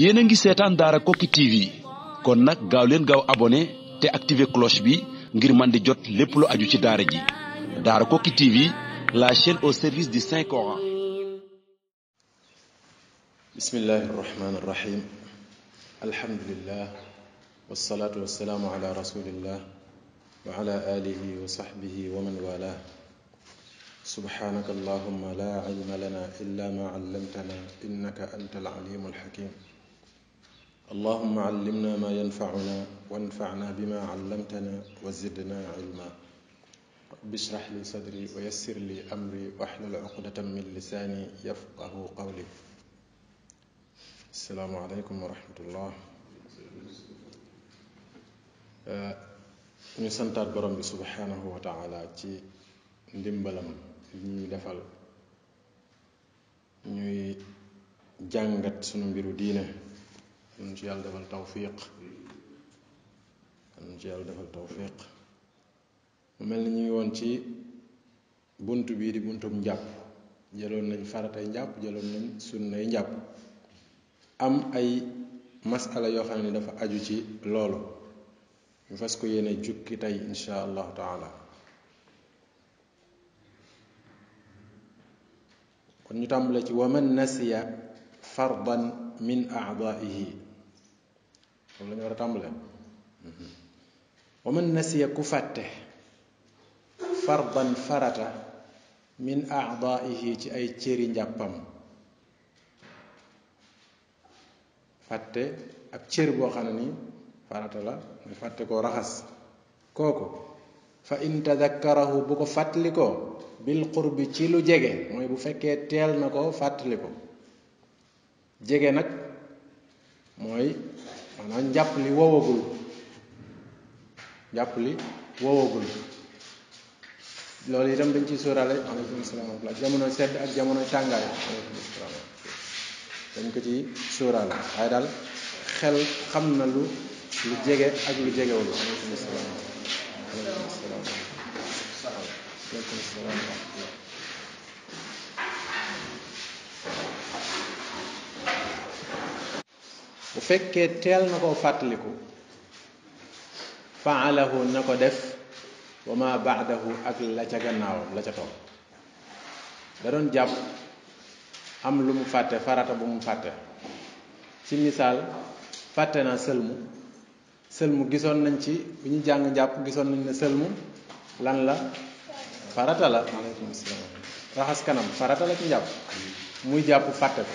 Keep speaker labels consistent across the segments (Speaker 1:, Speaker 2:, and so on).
Speaker 1: yéen ngi seetaan daara Koki TV kon nag gaaw leen gaaw abonné te activer cloche bi ngir man di jot lépp lu aju ci daara ji daara Koki TV la chaîne au service di Saint Coran. bismillahi rahmaani rahim alhamdulillah wasalaatu wasalaamu ala rasulillah wa ala alihi wa sahbihi subhaanaka allahumma laa ilma lana illa ma allamtana innaka anta alalimu alxakim allahumma allimna ma yanfacuna wanfacna bima allamtana wa zidna ilma rabbi shrah li sadri wa yassir li amri waxlul cuqdatan min lisaani yafqahu qawli asalaamu aleykum wa rahmatullah ñu santaat borom bi subhaanahu wa taala ci ndimbalam ñuy defal ñuy jàngat sunu mbiru diine ñun ci yàlla defal tawfiq ñun ci yàlla defal tawfiq mel na ñu ngi woon ci bunt bii di buntum njàpp jëloon nañ faratay njàpp jëloon nañ sunnay njàpp am ay masala yoo xam ne dafa aju ci loolu ñu fas ko yéene jukki tey insha allah taala kon ñu tàmbale ci wa man nasiya fardan min aadaihi loolu la ñu war a tàmbale wa man nasiya ku fàtte fardan farata min aadaihi ci ay cëri njàppam fàtte ak cër boo xam ne ni farata la muy fàtte koo raxas kooku fa in tadakkarahu bu ko fàttalikoo bil qurbi ci lu jege mooy bu fekkee teel na ko fàttaliku jege nag mooy maanaam njàpp li wowagul njàpp li wowagul loolu itam dañ ci sóoraale aleykum salaam wa rahmatulah jamono sedd ak jamono tàngaay aleykum salaam dañ ko ci sóoraale waaye daal xel xam na lu lu jege ak lu jegewul aleykum salaam bu fekkee teel na ko fàttaliku faalahu na ko def wa ma baadahu ak la ca gannaawam la ca toog da doon jàpp am lu mu fàtte farata bu mu fàtte ci misaal fàtte na sëlmu sëlmu gisoon nañ ci bi ñu jàng njàpp gisoon nañ ne sëlmu lan la farata la maaleykum salaam raxas kanam farata la ci njàpp muy jàpp fàtte ko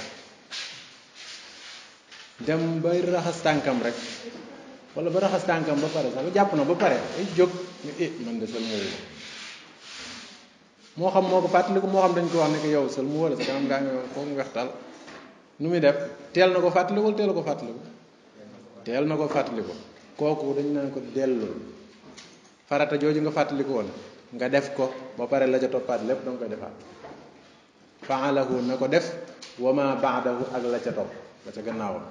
Speaker 1: dem ba raxas tànkam rek walla ba raxas tànkam ba pare sax ba jàpp na ba pare ay jóg ñu i eh, man de moo xam moo ko fàttaliku moo xam dañ ko wax ne yow sëlmu wala sa kanam gaa ngi foofu mu wextal nu muy def teel na ko fàttaliku wala teel ko fàttaliku teel na ko fàttaliku kooku dañ naan ko dellul farata jooju nga fàttaliku woon nga def ko ba pare la ca toppaat lépp danga koy defaat faalahu na ko def wama baadahu ak la ca topp la ca gannaawam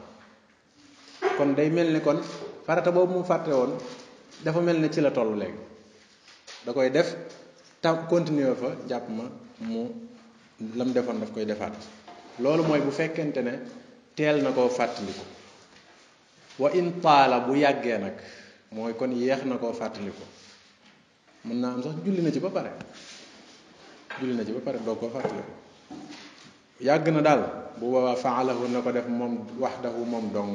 Speaker 1: kon day mel ni kon farata boobu mu fàtte woon dafa mel ne ci la toll léegi da koy def tam continuer fa jàpp ma mu lam defoon daf koy defaat loolu mooy bu fekkente ne teel na koo fàttaliku wa in taala bu yàggee nag mooy kon yeex na koo fàttaliku mën naa am sax julli na ci ba pare julli na ci ba pare doo koo fàttaliku yàgg na daal bu boobaa faalahu na ko def moom waxdahu moom dong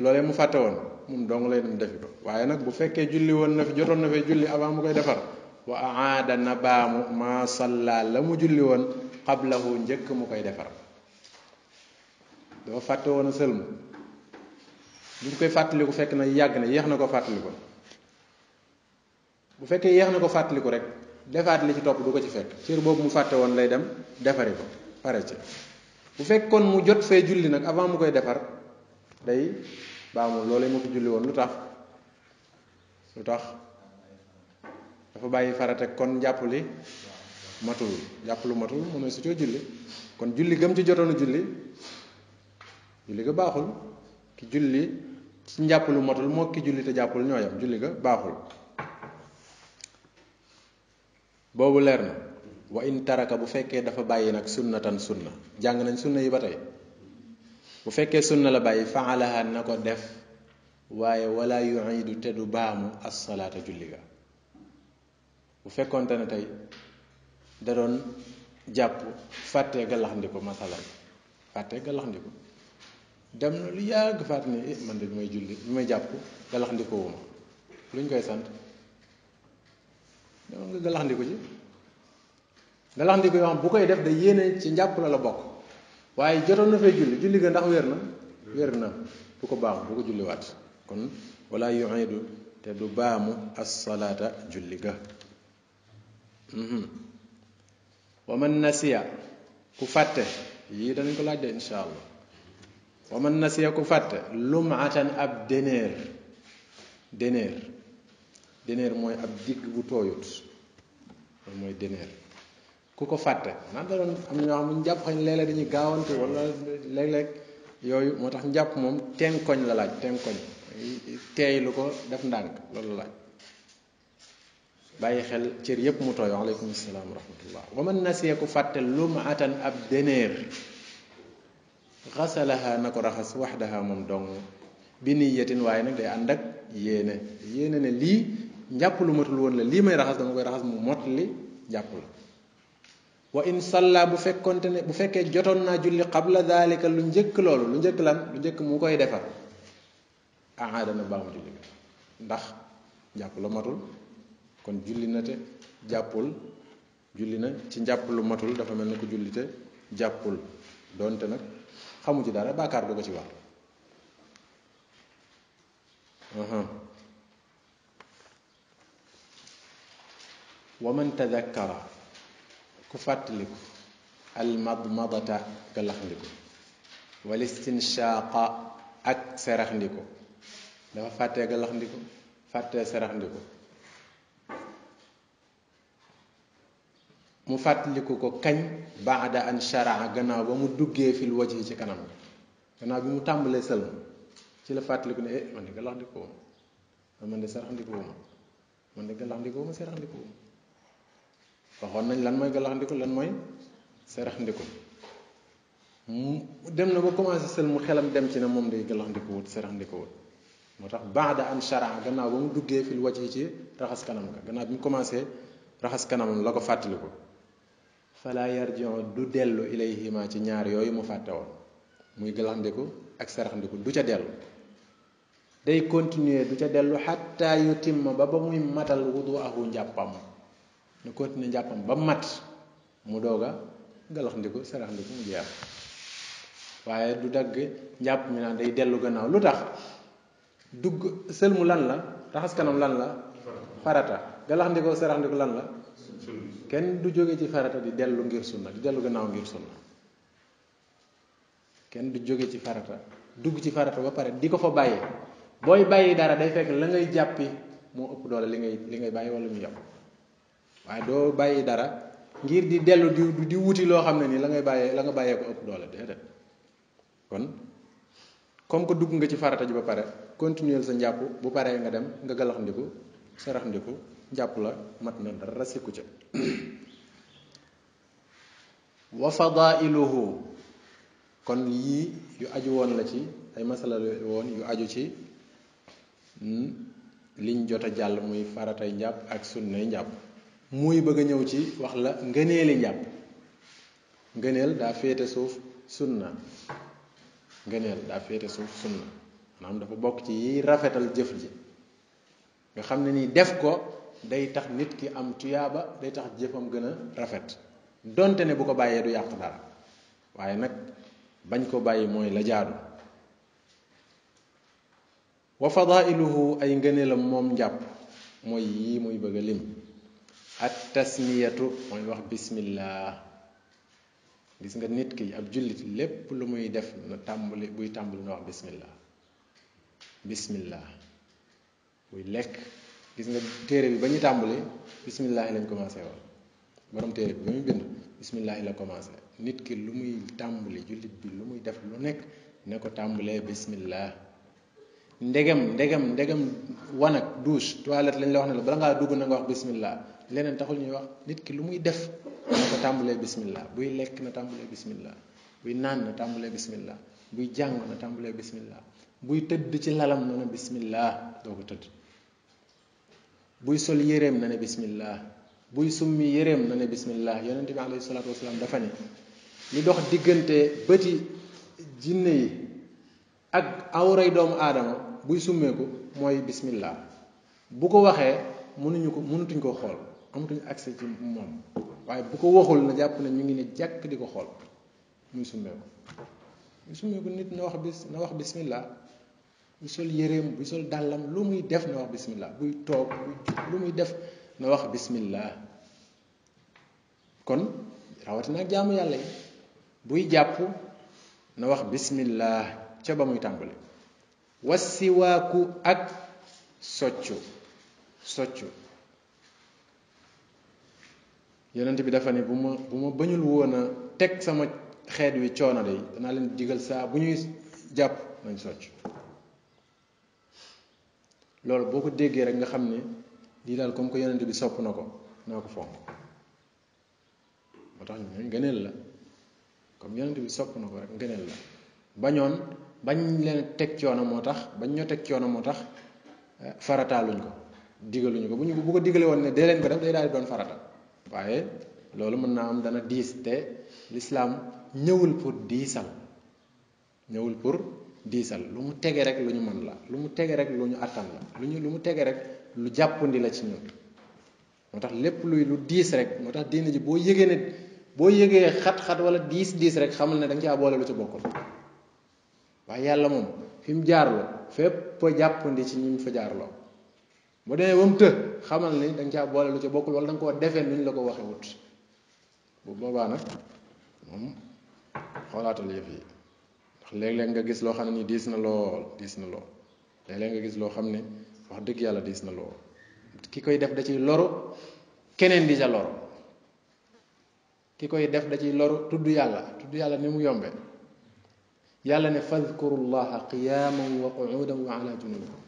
Speaker 1: loolee mu fàtte woon moom dong lay dem defi waaye nag bu fekkee julli woon na fi jotoon na fee julli avant mu koy defar wa aada na baamu ma salla la mu julli woon qablahu njëkk mu koy defar dafa fàtte woon a sëlmu bi ñu koy fàttaliku fekk na yàgg na yeex na ko fàttaliku bu fekkee yeex na ko fàttaliku rek defaat li ci topp du ko ci fekk cër boobu mu fàtte woon lay dem defari ko pare ci bu fekkoon mu jot fee julli nag avant mu koy defar day baamu loolee mu ko julli woon lu tax lu tax dafa bàyyi farate kon njàpp li matul jàpp lu matul mu ne su coo julli kon julli gëm ci jotoon a julli julli ga baaxul ki julli ci njàpp lu motul moo ki julli te jàppul ñoo yam julli ga baaxul boobu leer na wa in taraka bu fekkee dafa bàyyi nag sunnatan sunna jàng nañ sunna yi ba tey bu fekkee sunna la bàyyi faalaha na ko def waaye wala yuidu te du baamu assalaata julli ga bu fekkoonte ne tey da doon jàpp fàtte galaxndiko masalan fàtte galaxndiko dem na lu yàgg faat ni eh man de bi may julli bi may jàpp galax lu ñu koy sant demal nga galax ndiko ci bu koy def da yéene ci njàpp la la bokk waaye jotoon na fee julli julli ga ndax wér na wér na bu ko baax bu ko julliwaat kon wala yuidu te du baamu assalaata julli ga mhm. wa man nasiya ku fàtte yii danañ ko laaj de incha allah wa man nasiya ku fàtte lumatan ab deneer deneer deneer mooy ab digg bu tooyut loolu mooy deneer ku ko fàtte man da doon am ñoo xam njàpp xañ dañuy gaawante yooyu moo tax njàpp moom tenkoñ la laaj tenkoñ teey lu ko def ndànk loolu la laaj bàyyi xel cër yépp mu tooy waaleykum salaam wa rahmatullah wa man nasiya ku fàtte lumatan ab deneer xasalaha na ko raxas waxdaha moom dong bi niyatin waaye nag day ànd ak yéene yéene ne lii njàpp lu matul woon la lii may raxas dama koy raxas mu mot li jàpp la wa in salla bu fekkonte ne bu fekkee jotoon naa julli xabla daalika lu njëkk loolu lu njëkk lan lu njëkk mu koy defar aada na baamu julli bi ndax njàpp la matul kon julli na te julli na ci njàpp lu matul dafa mel ne ko julli te jàppul doonte nag xamu ci dara bàkkaar du ko ci war uh-huh. wa man tadakkara ku fàttaliku almadmadata galaxndiku wal istinshaqa ak seraxndiku dafa fàtte galaxndiku fàtte seraxndiku mu fàttaliku ko kañ baada an sharaa gannaaw ba mu duggee fil waj yi ci kanam gannaaw bi mu tàmbalee sëlm ci la fàttaliku ne eh man de galaxndiku ma de ah, saraxndiku ma man de nañ lan mooy galaxndiku lan mooy saraxndiku mu dem na ba commencé sël mu xelam dem ci ne moom day galaxndiku wut moo tax baada an sharaa gannaaw ba duggee fil waj yi ci raxas kanam ga gannaaw bi mu commencé raxas kanamam la ko fàttaliku. fala yarjiu du dellu ilayhima ci ñaar yooyu mu fàtte woon muy galaxndiku ak saraxndiku du ca dellu day continuer du ca dellu xatta yu timma ba ba muy matal wudu ahu njàppam nu continuer njàppam ba mat mu doog a galaxndiku saraxndiku mu jeex waaye du dagg njàpp mi naan day dellu gannaaw lu tax dugg sëlmu lan la raxas kanam lan la farata galaxndikoo saraxndiku lan la kenn du jóge ci farata di dellu ngir sunna di dellu gannaaw ngir sunna kenn du jóge ci farata dugg ci farata ba pare di ko fa bàyyi booy bàyyi dara day fekk la ngay jàppi moo ëpp doole li ngay li ngay bàyyi wala mu yàpp waaye doo bàyyi dara ngir di dellu di di wuti loo xam ne nii la ngay bàyyee la nga bàyyee ko ëpp doole déedéet kon comme que dugg nga ci farata ji ba pare continuer sa njàpp bu paree nga dem nga galaxndiku saraxndiku jàpp la mat na dara sikku ca wa fadailuhu kon yii yu aju woon la ci ay masala woon yu aju ci hmm, liñ jot a jàll muy faratay njàpp ak sunnay njàpp muy bëgg a ñëw ci wax la ngëneeli njàpp ngëneel daa féete suuf sunna ngëneel daa féete suuf sunna maanaam dafa bokk ci yiy rafetal jëf ji nga xam ne nii def ko day tax nit ki am tuyaaba day tax jëfam gëna rafet donte ne bu ko bàyyee du yàq dara waaye nag bañ koo bàyyi mooy la jaadu wa fadailuhu ay ngëneelam moom njàpp mooy yii muy bëgg a lim at tasmiyatu mooy wax bismillah gis nga nit ki ab jullit lépp lu muy def na tàmbali buy tàmbali na wax bismillah bismillah buy lekk gis nga téere bi ba ñu tàmbalee bisimilahi lañ commencé woon borom téere bi ba muy bind bisimilahi la commencé nit ki lu muy tàmbali jullit bi lu muy def lu nekk ne ko tàmbalee bisimilah. ndegem ndegem ndegem wanag douche toilette lañ la ne la bala dugg na nga wax leneen taxul ñuy wax nit ki lu muy def ne ko tàmbalee bisimilah buy lekk na tàmbalee bisimilah buy naan na tàmbalee bisimilah buy jàng na tàmbalee bisimilah buy tëdd ci lalam na na bisimilah doo buy sol yéreem na ne bismillah buy summi yéreem na ne bismillah yonente bi alayhi salaatu wasalaam dafa ne li dox diggante bëti jinne yi ak awray doomu aadama buy summeeku mooy bismillah bu ko waxee mënuñu ko mënutuñ ko xool amatuñu accès ci moom waaye bu ko waxul na jàpp ne ñu ngi ne jàkk di ko xool muy summeeku muy summeeku nit wax bis na wax bismillah buy sol yéreem buy sol dàllam lu muy def na wax bismillah buy toog buy lu muy def na wax bismillah kon rawatina jàmm yàlla yi buy jàpp na wax bismillah ca ba muy tàmbale wasiwaaku ak soccu soccu yonent bi dafa ne bu ma bu ma bañul woon a teg sama xeet wi coono de danaa leen digal saa bu ñuy jàpp nañ soccu loolu boo ko déggee rek nga xam ne lii daal comme que yonent bi sopp na ko naa ko fonk moo tax ñu ngëneel la comme yonent bi sopp na ko rek ngëneel la bañoon bañ leen teg coono moo tax bañ ñoo teg coono moo tax eh, farataaluñ ko digaluñu ko bu ñu bu ko digale woon ne dee leen ko def day daal doon farata waaye loolu mën naa am dana diis te lislaam ñëwul pour diisal ñëwul pour diisal lu mu tege rek lu ñu mën la lu mu tege rek lu ñu attan la lu ñu lu mu tege rek lu jàppandi la ci ñun moo tax lépp luy lu diis rek moo tax diine ji boo yëgee ne boo yëgee xat-xat wala diis diis rek xamal ne da nga caa boole lu ci bokkul waaye yàlla moom fi mu jaarloo fépp a jàppandi ci ñu fa jaarloo bu demee ba mu të xamal ni da caa boole lu ci bokkul wala da nga koo defee nu ñu la ko waxee wut bu boobaa nag moom xoolaatal yëf yi. léeg-léeg nga gis loo xam ne nii diis na lool diis na lool léeg-léeg nga gis loo xam ne wax dëgg yàlla diis na lool ki koy def da ciy loru keneen di ca loru ki koy def da ciy loru tudd yàlla tudd yàlla ni mu yombe yàlla ne fadkurullaha qiyaaman wa qu'udan wa ala junubikum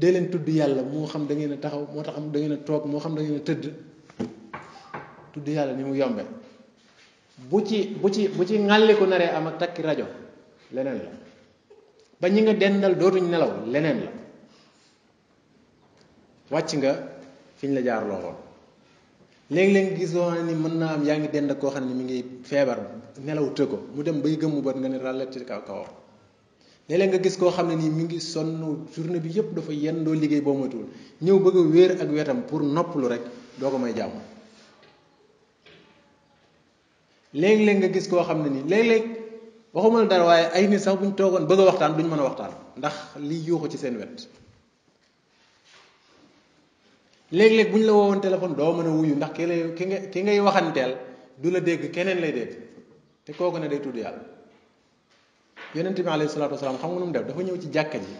Speaker 1: leen tudd yàlla moo xam da ngeen taxaw moo tax dangeen a toog moo xam da ngeen tëdd tudd yàlla ni mu yombe bu ci bu ci bu ci ŋàlliku naree am ak takki rajo leneen la ba ñi nga dendal dootuñ nelaw leneen la wàcc nga fiñ la jaar loxoon leen léegi gisoo ni mën naa am yaa ngi dend koo xam ne mi ngi feebar nelaw të ko mu dem bay gëmmu bët nga ne ràllet ci kaw nga gis koo xam ne nii mu ngi sonn journée bi yëpp dafa yendoo liggéey boo matul ñëw bëgg a wéer ak wetam pour noppalu rek doo ko may jàmm léegi léeg nga gis koo xam ne nii léeg-léeg waxuma la dara waaye ay nit sax bu ñu toogoon bëgg a waxtaan duñ mën a waxtaan ndax liy yuuxu ci seen wet léeg-léeg bu ñu la woowoon téléphone doo mën a wuyu ndax ki lay ki nga ki ngay waxanteel du la dégg keneen lay dégg te kooku ne day tudd yàlla yonent bi alayhi salaatu wasalaam xam nga nu mu def dafa ñëw ci jàkka ji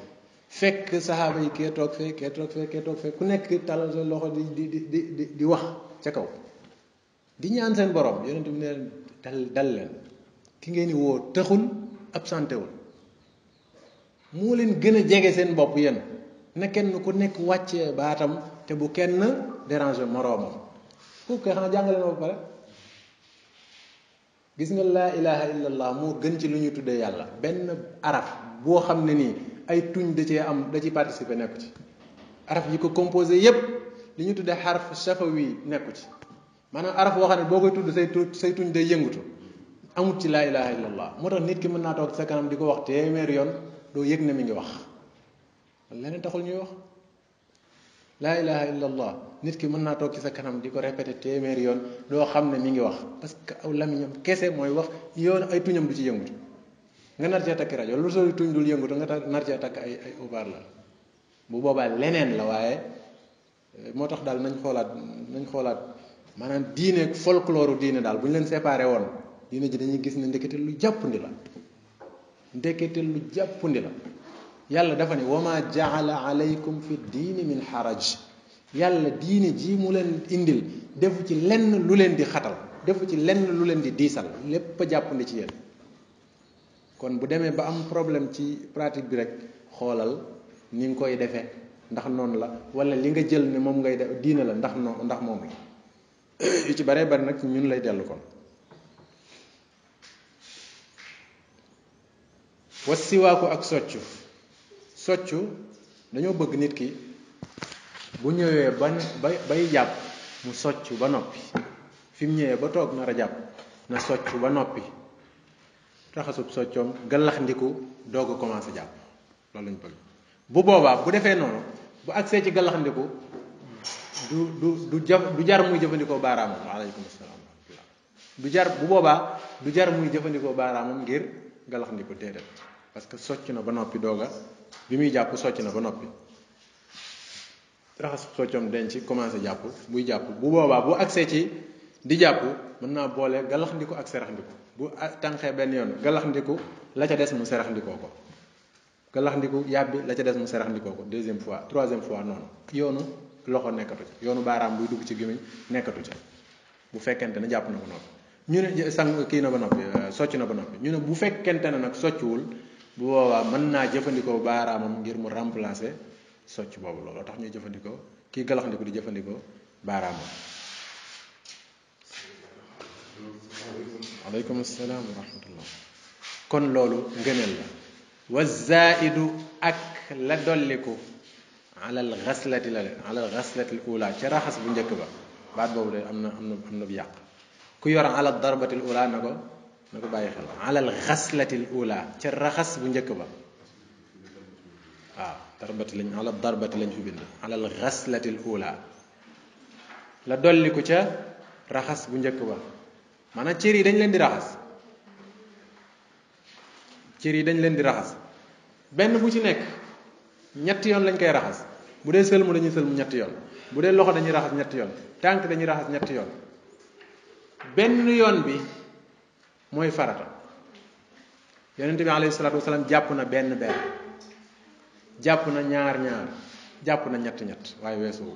Speaker 1: fekk saxaaba yi kee toog fee kee toog fee kee toog fee ku nekk talal sa loxo di di di di wax ca kaw di ñaan seen borom yonent bi ne dal dal leen ki ngeen di woo tëxul absenté wul moo leen gën a jege seen bopp yéen na kenn ku nekk wàccee baatam te bu kenn déranger moroomam kooku kay xanaa jàngale na ba pare gis nga laa ilaha illallah moo gën ci lu ñu tuddee yàlla benn araf boo xam ne nii ay tuñ da cee am da ci participer nekku ci araf yi ko composé yépp li ñu tuddee xarf safawi nekku ci maanaam araf boo xam ne boo koy tudd say tu say tuñ day yëngutu amut ci laa ilaha illallah moo tax nit ki mën naa toog sa kanam di ko wax téeméer yoon doo yëg ne mi ngi wax leneen taxul ñuy wax laa ilaha illallah nit ki mën naa toog ci sa kanam di ko répété téeméer yoon doo xam ne mi ngi wax parce que aw lamiñam kese mooy wax yoon ay tuñam du ci yëngutu nga nar takk rajo lu sooy tuñ dul yëngutu nga nar cee takk ay ay ubaar la bu boobaa leneen la waaye moo tax daal nañ xoolaat nañ xoolaat maanaam diine ak folklooru diine daal bu ñu leen séparé woon diine ji dañuy gis ni ndekete lu jàppandi la ndekete lu jàppandi la yàlla dafa ne wama jaala aleykum fi diini min xaraj yàlla diine ji mu leen indil defu ci lenn lu leen di xatal defu ci lenn lu leen di diisal lépp a jàppandi ci yéen kon bu demee ba am problème ci pratique bi rek xoolal ni nga koy defee ndax noonu la wala li nga jël ne moom ngay def diine la ndax noonu ndax moom la yu ci baree bari nag ñu ñun lay dellu kon was ak soccu soccu dañoo bëgg nit ki bu ñëwee ba bay jàpp mu soccu ba noppi fi mu ñëwee ba toog nar a jàpp na soccu ba noppi raxasub soccoom galax ndiku commence a jàpp loolu lañ bëgg bu boobaa bu defee noonu bu agsee ci galax du du du jaf du jar muy jëfandikoo baaraamam waaleykum salaam du jar bu boobaa du jar muy jëfandikoo baaraamam ngir galax ndi ko déedéet parce que socc na ba noppi dooga bi muy jàpp socc na ba noppi raxas soccam denc commencé jàpp muy jàpp bu boobaa bu agsee ci di jàpp mën naa boole galax ak serax ndiku bu tànqee benn yoon galax la ca des mu serax ko galax ndiku yàbbi la ca des mu serax ko deuxième fois troisième fois noonu yoonu loxo nekkatu ca yoonu baaraam buy dugg ci gémmiñ nekkatu ca bu fekkente ne jàpp na ba noppi ñu ne sang kii na ba noppi euh, socc na ba noppi ñu ne bu fekkente ne nag soccuwul bu boobaa mën naa jëfandikoo baaraamam ngir mu remplacer socc boobu looloo tax ñuy jëfandikoo kii galaxndiku di jëfandikoo baaraamam aleykum salaam wa kon loolu ngëneel la wa zaidu ak la dolliku alal xaslati la leen alal xaslatil ula ca raxas bu njëkk ba baat boobu de am na am na bu yàq ku yor alal darbatil ula na ko na ko bàyyi xel alal xaslatil ula ca raxas bu njëkk ba waaw darbati lañ alal darbati lañ fi bind alal xaslatil ula la dolliku ca raxas bu njëkk ba maanaam cër yi dañ leen di raxas cër yi dañ leen di raxas benn bu ci nekk ñetti yoon lañ koy raxas bu dee sëlmu dañuy sëlmu ñetti yoon bu dee loxo dañuy raxas ñetti yoon tànk dañuy raxas ñetti yoon benn yoon bi mooy farata yonente bi alayhi salaatu jàpp na benn benn jàpp na ñaar ñaar jàpp na ñett ñett waaye weesuwu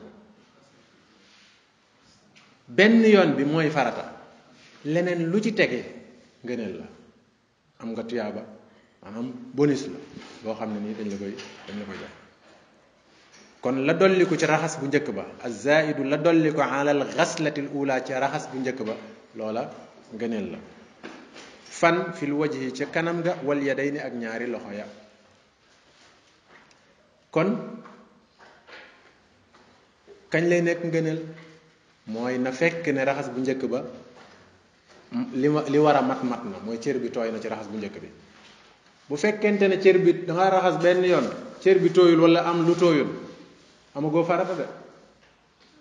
Speaker 1: benn yoon bi mooy farata leneen lu ci tege ngëneel la am nga tuyaaba maanaam bonus la boo xam ne nii dañ la koy dañ la koy jox kon la dolliku ko ci raxas bu njëkk ba azaidu la dolli ko alal xaslatil ula ci raxas bu njëkk ba loola ngëneel la fan fil wajhi ca kanam ga wal yadayni ak ñaari loxo ya kon kañ lay nekk ngëneel mooy na fekk ne raxas bu njëkk ba li ma li war a mat mat na mooy cër bi tooy na ci raxas bu njëkk bi bu fekkente ne cër bi da nga raxas benn yoon cër bi tooyul wala am lu tooyul amagoo farata de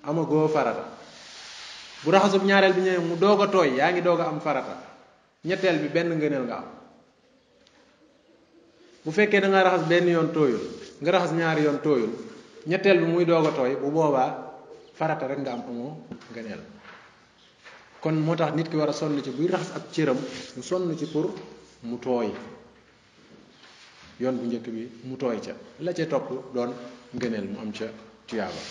Speaker 1: amagoo farata bu raxasub ñaareel bi ñëwee mu doog a tooy yaa ngi doog a am farata ñetteel bi benn ngëneel nga am bu fekkee da raxas benn yoon tooyul nga raxas ñaari yoon tooyul ñetteel bi muy doog a tooy bu boobaa farata rek nga am amoo ngëneel kon moo tax nit ki war a sonn ci buy raxas ab cëram mu sonn ci pour mu tooy yoon bu njëkk bi mu tooy ca la ca topp doon ngëneel mu am ca tuyaaba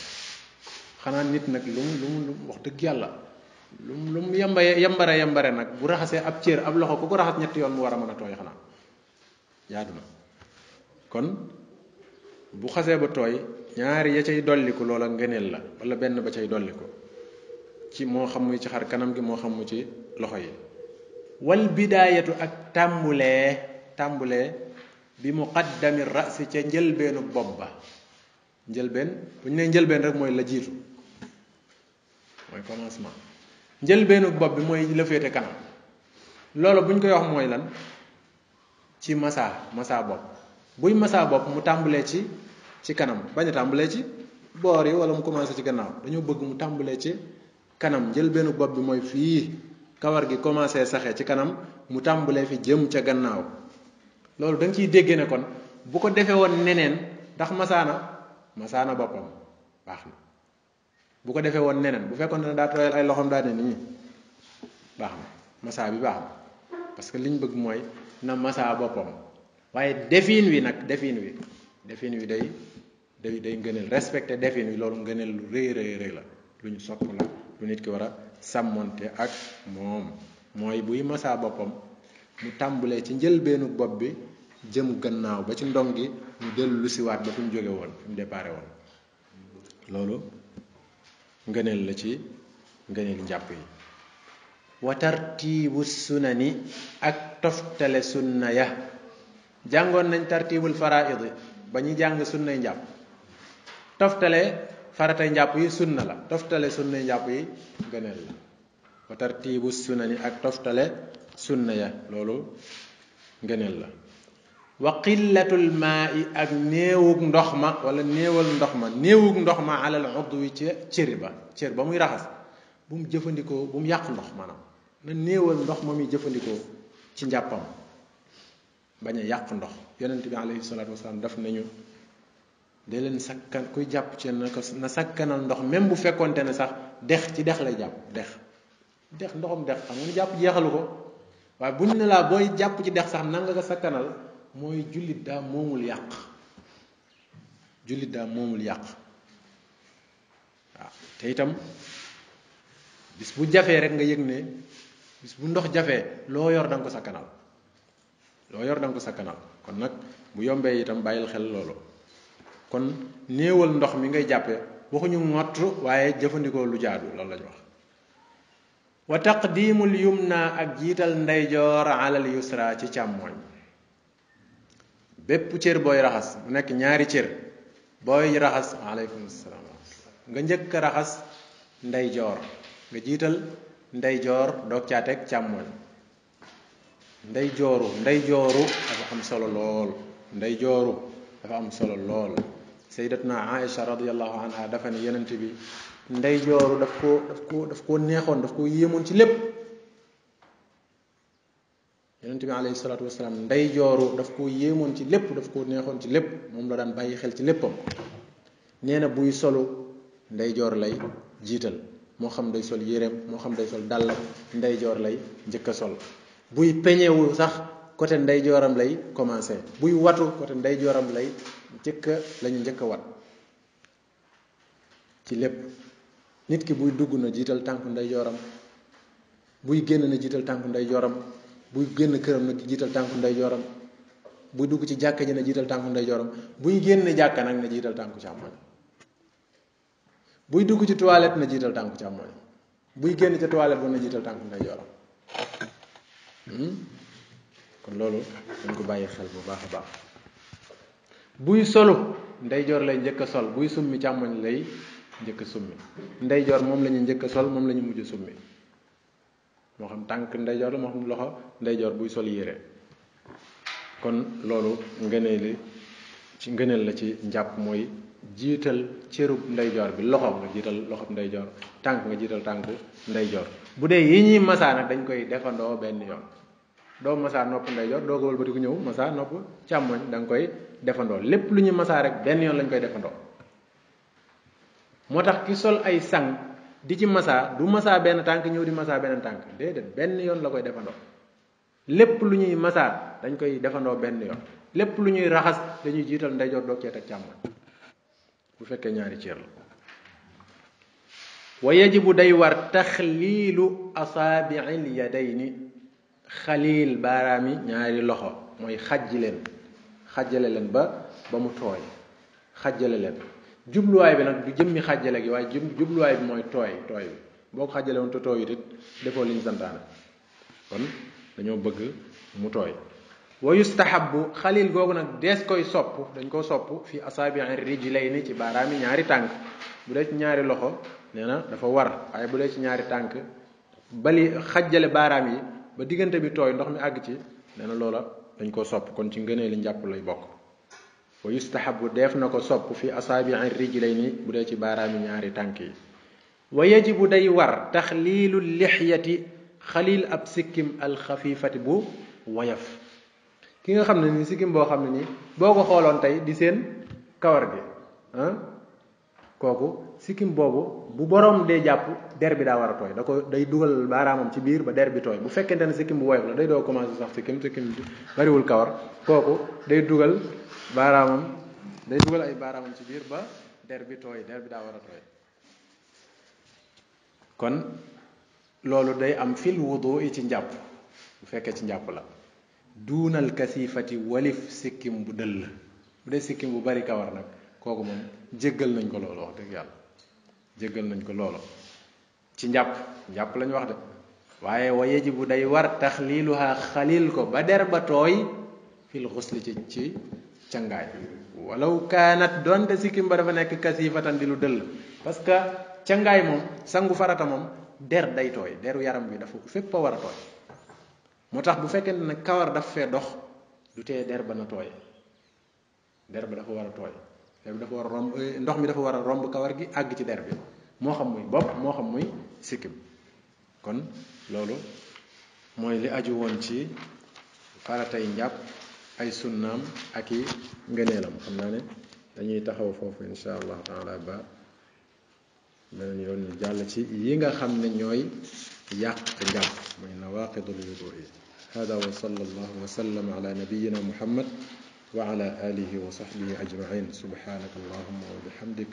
Speaker 1: xanaa nit nag lu mu lu mu wax dëgg yàlla lu mu lu mu yamba yambare yambare nag bu raxasee ab cër ab loxo ku ko raxas ñetti yoon mu war a mën a tooy xanaa yaadu na kon bu xasee ba tooy ñaari ya cay dolliku loola ngëneel la wala benn ba cay dolliku ci moo xam muy ci xar kanam gi moo xam mu ci loxo yi wal bidaayatu ak tàmbulee tàmbulee bi mu muqaddami rasi ca njëlbeenu bopp ba njëlbeen bu ñu nee njëlbeen rek mooy la jiitu mooy commencement njëlbeenu bopp bi mooy la féete kanam loolu bu ñu koy wax mooy lan ci masaa masaa bopp buy masaa bopp mu tàmbalee ci ci kanam bañ a tàmbalee ci boor yi wala mu commencé ci gannaaw dañoo bëgg mu tàmbalee ci kanam njëlbeenu bopp bi mooy fii kawar gi commencé saxee ci kanam mu tàmbalee fi jëm ca gannaaw loolu da ciy dégg ne kon bu ko defee woon neneen ndax masaa masaana masaana boppam baax na bu ko defee woon neneen bu fekkoon ne daa tooyal ay loxoom daa ne nii baax na masaa bi baax na parce que li bëgg mooy na masaa boppam waaye defin wi nag defin wi defin wi day day day ngëneel respecté defin wi loolu ngëneel lu rëy rëy rëy la luñu ñu sopp la lu nit ki war a sàmmoonte ak moom mooy buy masaa boppam mu tàmbulee ci njëlbeenu bopp bi jëm gannaaw ba ci ndong gi mu dellu si waat ba fi mu jóge fi mu déparé woon loolu ngëneel la ci ngëneel njàpp yi wa tartiibu sunani ak toftale sunna ya jàngoon nañ tartiibul faraid ba ñuy jàng sunnay njàpp toftale faratay njàpp yi sunna la toftale sunnay njàpp yi ngëneel la wa sunani ak toftale sunna loolu ngëneel la wa qillatul maa i ak néewug ndox ma wala néewal ndox ma néewug ndox ma alal udwi ca ba cër ba muy raxas bu mu jëfandikoo bu mu yàq ndox maanaam na néewal ndox ma muy jëfandikoo ci njàppam bañ a yàq ndox yeneen bi alayhi salaatu daf nañu de leen sakkan kuy jàpp ci na ko na sakkanal ndox même bu fekkonte ne sax dex ci dex lay jàpp dex dex ndoxam dex xam nga jàpp jeexalu ko waaye buñ ne laa booy jàpp ci dex sax nan nga ko sakkanal mooy jullit daa moomul yàq jullit daa moomul yàq waaw te bis bu jafee rek nga yëg ne bis bu ndox jafee loo yor danga ko sakkanal loo yor danga ko sakkanal kon nag bu yombee itam bàyyil xel loolu kon néewal ndox mi ngay jàppe waxuñu ngottu waaye jëfandikoo lu jaadu loolu lañu wax wa taqdimul yumna ak jiital ndeyjoor alal yusra ci càmmooñ bépp cër booy raxas mu nekk ñaari cër booy raxas aleykum salaam nga njëkk a raxas ndeyjoor nga jiital ndeyjoor doog caa teg càmmoñ nday jooru dafa am solo lool ndeyjooru dafa am solo lool sayyidatuna Aïcha radiyallahu anha dafa ne yonent bi ndeyjooru daf ko daf ko daf ko neexoon daf ko yéemoon ci lépp yonent bi alayhi salaatu wasalaam ndey jooru daf ko yéemoon ci lépp daf ko neexoon ci lépp moom la daan bàyyi xel ci léppam nee buy solu ndeyjoor joor lay jiital moo xam day sol yéreem moo xam day sol dàllam ndey joor lay njëkk a sol buy peñewu sax côté ndey jooram lay commencé buy watu côté ndey jooram lay njëkk a lañu njëkk a wat ci lépp nit ki buy dugg na jiital tànku ndeyjooram buy génn na jiital tànku ndey buy génn këram nag jiital tànku ndeyjooram buy dugg ci jàkka ji na jiital tànku ndeyjooram buy génn jàkka nag na jiital tànku càmmoñ dugg ci toilette na jiital tànku càmmoñ buy génn ca toilette bon na jiital tànku ndeyjooram hmm? kon loolu dañ ko bàyyi xel bu baax a baax buy solu ndeyjoor lay njëkk sol buy summi càmmoñ lay njëkk a summi ndeyjoor moom la ñu njëkk sol moom la ñu mujj a summi moo xam tànk ndeyjoor la moo xam loxo ndeyjoor buy sol yére kon loolu ngëneel li ci ngëneel la ci njàpp mooy jiital cërub ndeyjoor bi loxo nga jiital loxo ndeyjoor tànk nga jiital tànk ndeyjoor bu dee yi ñuy masaa nag dañ koy defandoo benn yoon doo masaa nopp ndeyjoor doo ko wëlbati ku ñëw masaa nopp càmmoñ da koy defandoo lépp lu ñuy masaa rek benn yoon lañ koy defandoo moo tax ki sol ay sang di ci masaa du masaa benn tànk ñëw di masaa benn tànk déedéet benn yoon la koy defandoo lépp lu ñuy masaa dañ koy defandoo benn yoon lépp lu ñuy raxas dañuy jiital ndeyjoor doog cee teg càmmoñ bu fekkee ñaari cër la wa yajibu day war taxliilu asaabiil yadayni xaliil baaraam yi ñaari loxo mooy xajji leen xajjale leen ba ba mu tooy xajjale leen jubluwaay bi nag du jëmmi xàjjale gi waaye jubluwaay bi mooy tooy tooy boo ko xàjjale woon te tooy it defoo liñ santaane kon dañoo bëgg mu tooy wa yustahabu xalil googu nag dees koy sopp dañ koo sopp fi asaabi rijlayni ci baaraam yi ñaari tànk bu dee ci ñaari loxo nee na dafa war waaye bu dee ci ñaari tànk bali xàjjale baaraam yi ba diggante bi tooy ndox mi àgg ci nee na loola dañ koo sopp kon ci ngënee li njàpp lay bokk wa yustahabu def na ko sopp fi asaabiin rijlayni bu dee ci baaraami ñaari tànk yi wa bu day war tax lii taxliilu lixyati xaliil ab sikkim alxafiifati bu wayaf ki nga xam ne ni sikkim boo xam ne nii boo ko xooloon tey di seen kawar gi ah kooku sikkim boobu bu boroom dee jàpp der bi daa war a tooy da ko day dugal baaraamam ci biir ba der bi tooy bu fekkente ne sikkim bu woyof la day doo commencé sax sikkim sikkim bariwul kawar kooku day dugal baaraamam day dugal ay baaraamam ci biir ba der bi tooy der bi daa war a tooy kon loolu day am fil wudu i ci njàpp bu fekkee ci njàpp la duunal kasifati walif sikkim bu dëll bu dee sikkim bu bari kawar nag kooku moom jéggal nañ ko loolu wax dëgg yàlla jéggal nañ ko loolu ci njàpp njàpp lañ wax de waaye wa yajibu day war taxliiluha xalil ko ba der ba tooy fil xusli ci ci cangaay walaw kaanat donte sikkim ba dafa nekk kasifatan di lu dëll parce que cangaay moom sangu farata moom der day tooy deru yaram wi dafa fépp a war a tooy moo tax bu fekkente ne kawar daf fee dox du tee der ba na tooy der ba dafa war a tooy der bi dafa war a romb euh, ndox mi dafa war a romb kawar gi àgg ci der bi moo xam muy bopp moo xam muy sikkim kon loolu mooy li aju woon ci faratay njàpp ay sunnaam ak i ngëneelam xam naa ne taxaw foofu insha allahu taala ba beneen yoon ñu ci yi nga xam ne ñooy yàq njàpp mooy nawaqidul wudui hada wa sallallahu wa sallam ala nabiyina muhammad wa ala wa sahbihi ajmain subhanaka allahumma wa bihamdik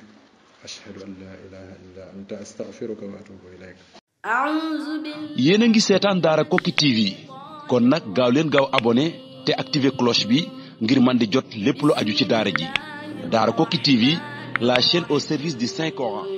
Speaker 1: ashhadu an la ilaha illa anta wa atubu ilayk yéen ngi seetaan daara Koki TV kon nag gaaw leen gaaw abonné te activer cloche bi ngir man di jot lépp lu aju ci daara ji Daarakoki TV la chaîne au service du Saint Coran